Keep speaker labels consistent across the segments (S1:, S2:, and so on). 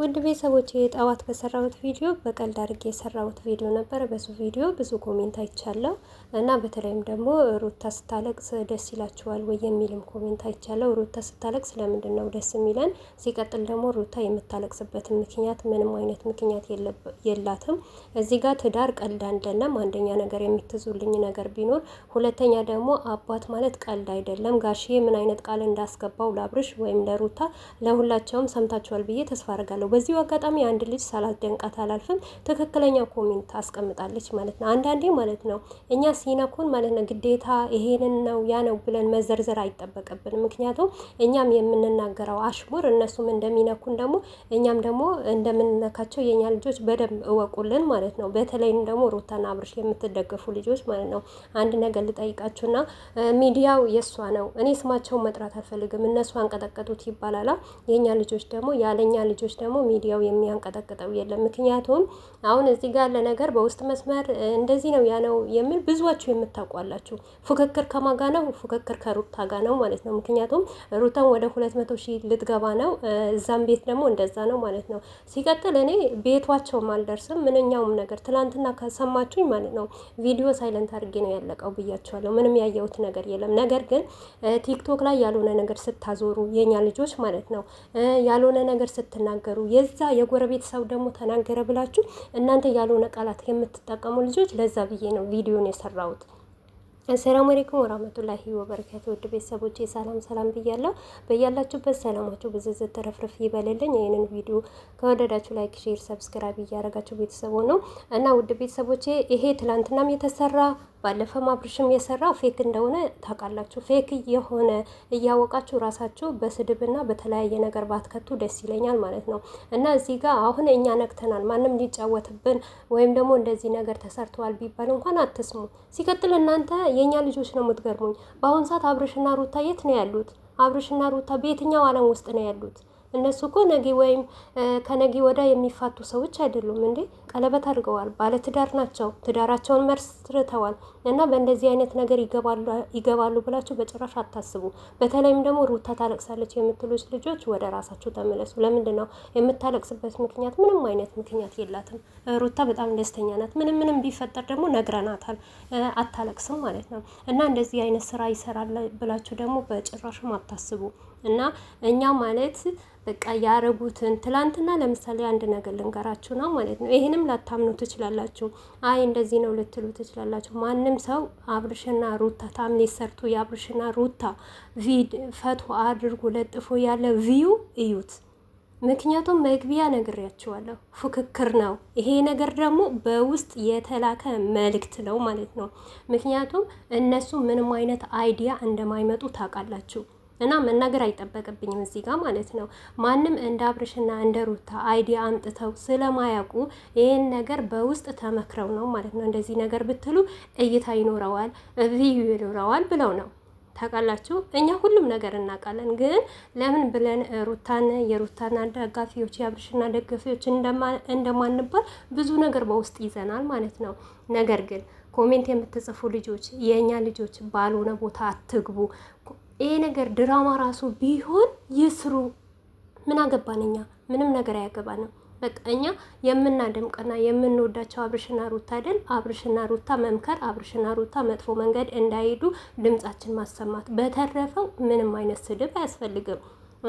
S1: ውድ ቤተሰቦች የጠዋት በሰራሁት ቪዲዮ በቀልድ አድርጌ የሰራሁት ቪዲዮ ነበር። በሱ ቪዲዮ ብዙ ኮሜንት አይቻለሁ እና በተለይም ደግሞ ሩታ ስታለቅስ ደስ ይላችኋል ወይ የሚልም ኮሜንት አይቻለሁ። ሩታ ስታለቅስ ለምንድን ነው ደስ የሚለን? ሲቀጥል ደግሞ ሩታ የምታለቅስበት ምክንያት ምንም አይነት ምክንያት የላትም። እዚህ ጋር ትዳር ቀልድ አይደለም። አንደኛ ነገር የምትዙልኝ ነገር ቢኖር፣ ሁለተኛ ደግሞ አባት ማለት ቀልድ አይደለም። ጋሽዬ ምን አይነት ቃል እንዳስገባው ላብርሽ ወይም ለሩታ ለሁላቸውም ሰምታችኋል ብዬ ተስፋ አርጋለሁ። ነው። በዚሁ አጋጣሚ አንድ ልጅ ሳላስደንቃት አላልፍም። ትክክለኛ ኮሜንት አስቀምጣለች ማለት ነው። አንዳንዴ ማለት ነው እኛ ሲነኩን ማለት ነው ግዴታ ይሄንን ነው ያ ነው ብለን መዘርዘር አይጠበቅብን። ምክንያቱም እኛም የምንናገረው አሽሙር እነሱም እንደሚነኩን ደግሞ እኛም ደግሞ እንደምንነካቸው የእኛ ልጆች በደንብ እወቁልን ማለት ነው። በተለይም ደግሞ ሩታና አብርሽ የምትደገፉ ልጆች ማለት ነው አንድ ነገር ልጠይቃችሁና ሚዲያው የእሷ ነው። እኔ ስማቸውን መጥራት አልፈልግም። እነሱ አንቀጠቀጡት ይባላላ። የእኛ ልጆች ደግሞ ያለኛ ልጆች ደግሞ ሚዲያው የሚያንቀጠቅጠው የለም። ምክንያቱም አሁን እዚህ ጋር ያለ ነገር በውስጥ መስመር እንደዚህ ነው ያ ነው የሚል ብዙዎቹ የምታውቋላችሁ። ፉክክር ከማጋ ነው፣ ፉክክር ከሩታ ጋ ነው ማለት ነው። ምክንያቱም ሩታን ወደ ሁለት መቶ ሺህ ልትገባ ነው፣ እዛም ቤት ደግሞ እንደዛ ነው ማለት ነው። ሲቀጥል እኔ ቤቷቸውም አልደርስም ምንኛውም ነገር ትናንትና ከሰማችሁኝ ማለት ነው ቪዲዮ ሳይለንት አድርጌ ነው ያለቀው ብያቸዋለሁ። ምንም ያየሁት ነገር የለም። ነገር ግን ቲክቶክ ላይ ያልሆነ ነገር ስታዞሩ የኛ ልጆች ማለት ነው ያልሆነ ነገር ስትናገሩ የዛ የጎረቤት ሰው ደግሞ ተናገረ ብላችሁ እናንተ ያልሆነ ቃላት የምትጠቀሙ ልጆች፣ ለዛ ብዬ ነው ቪዲዮን የሰራሁት። አሰላሙ አለይኩም ወራህመቱላሂ ወበረካቱ። ውድ ቤተሰቦች ሰላም ሰላም ብያለሁ። በያላችሁበት ሰላማችሁ ብዝዝት ተረፍረፍ ይበልልኝ። ይህንን ቪዲዮ ከወደዳችሁ ላይክ፣ ሼር፣ ሰብስክራይብ እያደረጋችሁ ቤተሰቡ ነው እና ውድ ቤተሰቦቼ ይሄ ትላንትናም የተሰራ ባለፈም አብርሽም የሰራው ፌክ እንደሆነ ታውቃላችሁ። ፌክ የሆነ እያወቃችሁ ራሳችሁ በስድብና በተለያየ ነገር ባትከቱ ደስ ይለኛል ማለት ነው። እና እዚህ ጋር አሁን እኛ ነቅተናል። ማንም ሊጫወትብን ወይም ደግሞ እንደዚህ ነገር ተሰርተዋል ቢባል እንኳን አትስሙ። ሲቀጥል እናንተ የእኛ ልጆች ነው የምትገርሙኝ። በአሁኑ ሰዓት አብርሽና ሩታ የት ነው ያሉት? አብርሽና ሩታ በየትኛው ዓለም ውስጥ ነው ያሉት? እነሱ እኮ ነጊ ወይም ከነጊ ወዳ የሚፋቱ ሰዎች አይደሉም እንዴ? ቀለበት አድርገዋል፣ ባለትዳር ናቸው፣ ትዳራቸውን መስርተዋል። እና በእንደዚህ አይነት ነገር ይገባሉ ብላችሁ በጭራሽ አታስቡ። በተለይም ደግሞ ሩታ ታለቅሳለች የምትሉት ልጆች ወደ ራሳችሁ ተመለሱ። ለምንድን ነው የምታለቅስበት ምክንያት? ምንም አይነት ምክንያት የላትም። ሩታ በጣም ደስተኛ ናት። ምንም ምንም ቢፈጠር ደግሞ ነግረናታል፣ አታለቅስም ማለት ነው። እና እንደዚህ አይነት ስራ ይሰራል ብላችሁ ደግሞ በጭራሽም አታስቡ። እና እኛ ማለት በቃ ያረጉትን ትላንትና ለምሳሌ አንድ ነገር ልንገራችሁ ነው ማለት ነው። ይህንም ላታምኑ ትችላላችሁ። አይ እንደዚህ ነው ልትሉ ትችላላችሁ። ማንም ሰው አብርሽና ሩታ ታምሌ ሰርቶ የአብርሽና ሩታ ቪድ ፈቶ አድርጎ ለጥፎ ያለ ቪዩ እዩት። ምክንያቱም መግቢያ ነግሬያችኋለሁ፣ ፉክክር ነው። ይሄ ነገር ደግሞ በውስጥ የተላከ መልእክት ነው ማለት ነው። ምክንያቱም እነሱ ምንም አይነት አይዲያ እንደማይመጡ ታውቃላችሁ። እና መናገር አይጠበቅብኝም እዚህ ጋር ማለት ነው። ማንም እንደ አብርሽና እንደ ሩታ አይዲያ አምጥተው ስለማያውቁ ይህን ነገር በውስጥ ተመክረው ነው ማለት ነው። እንደዚህ ነገር ብትሉ እይታ ይኖረዋል፣ ቪዩ ይኖረዋል ብለው ነው። ታውቃላችሁ እኛ ሁሉም ነገር እናውቃለን። ግን ለምን ብለን ሩታን የሩታና ደጋፊዎች የአብርሽና ደጋፊዎች እንደማንባል ብዙ ነገር በውስጥ ይዘናል ማለት ነው። ነገር ግን ኮሜንት የምትጽፉ ልጆች፣ የእኛ ልጆች ባልሆነ ቦታ አትግቡ። ይሄ ነገር ድራማ ራሱ ቢሆን ይስሩ። ምን አገባን እኛ? ምንም ነገር አያገባንም። በቃ እኛ የምናደምቅና የምንወዳቸው አብርሽና ሩታ አይደል? አብርሽና ሩታ መምከር፣ አብርሽና ሩታ መጥፎ መንገድ እንዳይሄዱ ድምጻችን ማሰማት። በተረፈው ምንም አይነት ስድብ አያስፈልግም።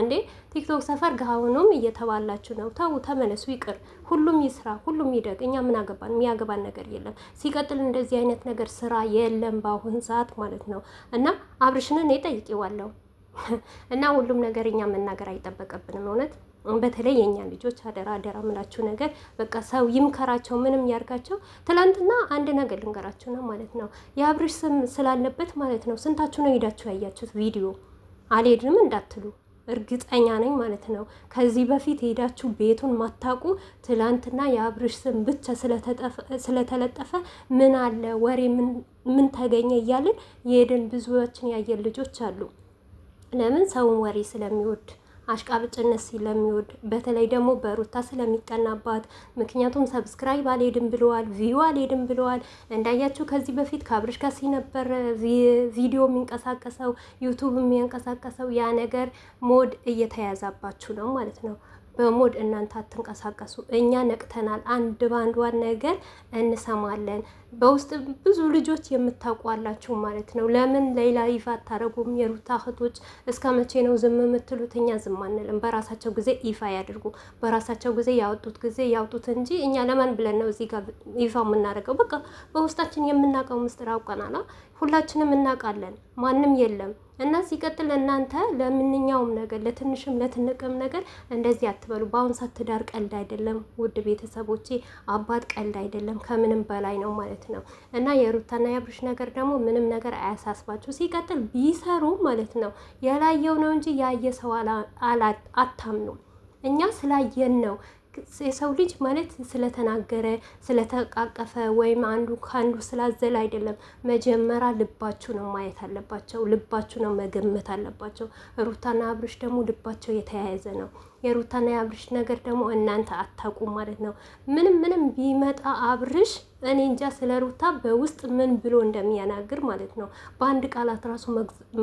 S1: እንዴ ቲክቶክ ሰፈር ጋሁኑም እየተባላችሁ ነው። ተው ተመለሱ፣ ይቅር። ሁሉም ይስራ፣ ሁሉም ይደግ። እኛ ምን አገባን? የሚያገባን ነገር የለም። ሲቀጥል እንደዚህ አይነት ነገር ስራ የለም በአሁን ሰዓት ማለት ነው። እና አብርሽን እኔ ጠይቄዋለሁ እና ሁሉም ነገር እኛ መናገር አይጠበቅብንም እውነት በተለይ የእኛ ልጆች አደራ አደራ ምላችሁ ነገር በቃ ሰው ይምከራቸው፣ ምንም ያርጋቸው። ትላንትና አንድ ነገር ልንገራችሁ ነው ማለት ነው የአብርሽ ስም ስላለበት ማለት ነው። ስንታችሁ ነው ሄዳችሁ ያያችሁት ቪዲዮ? አልሄድንም እንዳትሉ እርግጠኛ ነኝ ማለት ነው። ከዚህ በፊት ሄዳችሁ ቤቱን ማታቁ ትላንትና የአብርሽ ስም ብቻ ስለተለጠፈ ምን አለ ወሬ ምን ተገኘ እያልን የሄድን ብዙዎችን ያየን ልጆች አሉ። ለምን ሰውን ወሬ ስለሚወድ አሽቃብጭነት ስለሚወድ በተለይ ደግሞ በሩታ ስለሚቀናባት፣ ምክንያቱም ሰብስክራይብ አልሄድም ብለዋል፣ ቪዩ አልሄድም ብለዋል። እንዳያችሁ ከዚህ በፊት ከአብርሽ ጋር ሲነበር ቪዲዮ የሚንቀሳቀሰው ዩቱብ የሚንቀሳቀሰው ያ ነገር ሞድ እየተያዛባችሁ ነው ማለት ነው። በሞድ እናንተ አትንቀሳቀሱ፣ እኛ ነቅተናል፣ አንድ ባንዷን ነገር እንሰማለን። በውስጥ ብዙ ልጆች የምታውቋላችሁ ማለት ነው። ለምን ሌላ ይፋ አታረጉም? የሩታ እህቶች እስከ መቼ ነው ዝም የምትሉት? እኛ ዝም አንልም። በራሳቸው ጊዜ ይፋ ያድርጉ። በራሳቸው ጊዜ ያወጡት ጊዜ ያውጡት እንጂ እኛ ለማን ብለን ነው እዚህ ጋር ይፋ የምናደርገው? በቃ በውስጣችን የምናውቀው ምስጢር አውቀናል። ሁላችንም እናውቃለን። ማንም የለም እና ሲቀጥል እናንተ ለምንኛውም ነገር ለትንሽም ለትንቅም ነገር እንደዚህ አትበሉ። በአሁን ሰዓት ትዳር ቀልድ አይደለም ውድ ቤተሰቦቼ፣ አባት ቀልድ አይደለም፣ ከምንም በላይ ነው ማለት ነው። እና የሩታና የአብርሽ ነገር ደግሞ ምንም ነገር አያሳስባችሁ። ሲቀጥል ቢሰሩ ማለት ነው የላየው ነው እንጂ ያየ ሰው አታምኑም። እኛ ስላየን ነው የሰው ልጅ ማለት ስለተናገረ ስለተቃቀፈ ወይም አንዱ ከአንዱ ስላዘለ አይደለም። መጀመሪያ ልባችሁ ነው ማየት አለባቸው። ልባችሁ ነው መገመት አለባቸው። ሩታና አብርሽ ደግሞ ልባቸው የተያያዘ ነው። የሩታና የአብርሽ ነገር ደግሞ እናንተ አታውቁም ማለት ነው። ምንም ምንም ቢመጣ አብርሽ እኔ እንጃ ስለ ሩታ በውስጥ ምን ብሎ እንደሚያናግር ማለት ነው። በአንድ ቃላት ራሱ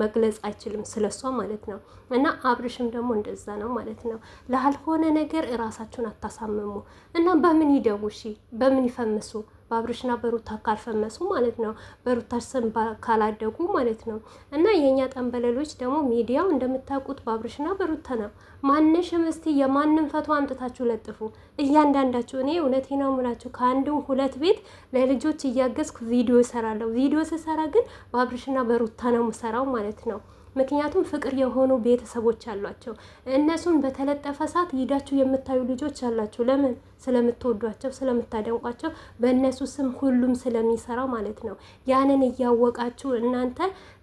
S1: መግለጽ አይችልም ስለሷ ማለት ነው። እና አብርሽም ደግሞ እንደዛ ነው ማለት ነው። ላልሆነ ነገር እራሳችሁን አታሳምሙ እና በምን ይደውሺ በምን ይፈምሱ በአብርሽና በሩታ ካልፈመሱ ማለት ነው፣ በሩታ ስም ካላደጉ ማለት ነው። እና የእኛ ጠንበለሎች ደግሞ ሚዲያው እንደምታውቁት በአብርሽና በሩታ ነው። ማንሽም እስቲ የማንም ፈቶ አምጥታችሁ ለጥፉ እያንዳንዳችሁ። እኔ እውነቴ ነው የምላችሁ ከአንድም ሁለት ቤት ለልጆች እያገዝኩ ቪዲዮ እሰራለሁ። ቪዲዮ ስሰራ ግን በአብርሽና በሩታ ነው የምሰራው ማለት ነው። ምክንያቱም ፍቅር የሆኑ ቤተሰቦች አሏቸው። እነሱን በተለጠፈ ሰዓት ሂዳችሁ የምታዩ ልጆች አላችሁ። ለምን? ስለምትወዷቸው፣ ስለምታደንቋቸው በእነሱ ስም ሁሉም ስለሚሰራ ማለት ነው። ያንን እያወቃችሁ እናንተ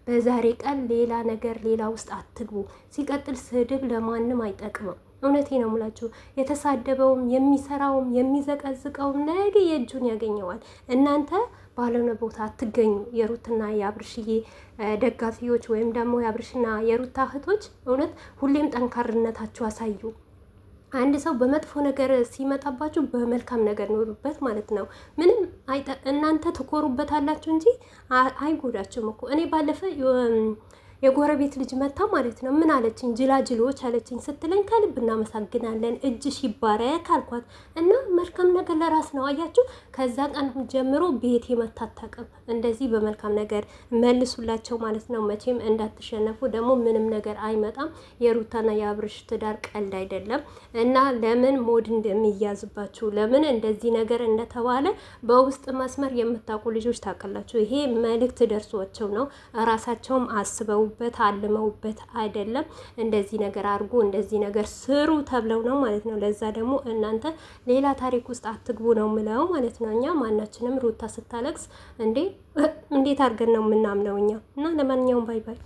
S1: በዛሬ ቀን ሌላ ነገር ሌላ ውስጥ አትግቡ። ሲቀጥል ስድብ ለማንም አይጠቅምም። እውነቴ ነው ሙላችሁ። የተሳደበውም የሚሰራውም የሚዘቀዝቀውም ነገ የእጁን ያገኘዋል። እናንተ ባልሆነ ቦታ አትገኙ። የሩትና የአብርሽዬ ደጋፊዎች ወይም ደግሞ የአብርሽና የሩታ እህቶች እውነት ሁሌም ጠንካርነታችሁ አሳዩ። አንድ ሰው በመጥፎ ነገር ሲመጣባችሁ በመልካም ነገር ኖሩበት ማለት ነው። ምንም እናንተ ትኮሩበታላችሁ እንጂ አይጎዳችሁም እኮ እኔ ባለፈ የጎረቤት ልጅ መታ ማለት ነው። ምን አለችኝ? ጅላጅሎች አለችኝ ስትለኝ ከልብ እናመሰግናለን እጅሽ ይባረክ አልኳት እና መልካም ነገር ለራስ ነው። አያችሁ፣ ከዛ ቀን ጀምሮ ቤት የመታታቀም እንደዚህ በመልካም ነገር መልሱላቸው ማለት ነው። መቼም እንዳትሸነፉ። ደግሞ ምንም ነገር አይመጣም። የሩታና የአብርሽ ትዳር ቀልድ አይደለም እና ለምን ሞድ እንደሚያዝባችሁ ለምን እንደዚህ ነገር እንደተባለ በውስጥ መስመር የምታውቁ ልጆች ታውቃላችሁ። ይሄ መልእክት ደርሷቸው ነው። ራሳቸውም አስበው አቅደውበት አልመውበት አይደለም። እንደዚህ ነገር አድርጉ፣ እንደዚህ ነገር ስሩ ተብለው ነው ማለት ነው። ለዛ ደግሞ እናንተ ሌላ ታሪክ ውስጥ አትግቡ ነው ምለው ማለት ነው። እኛ ማናችንም ሩታ ስታለቅስ እንዴ እንዴት አድርገን ነው የምናምነው እኛ እና ለማንኛውም ባይ ባይ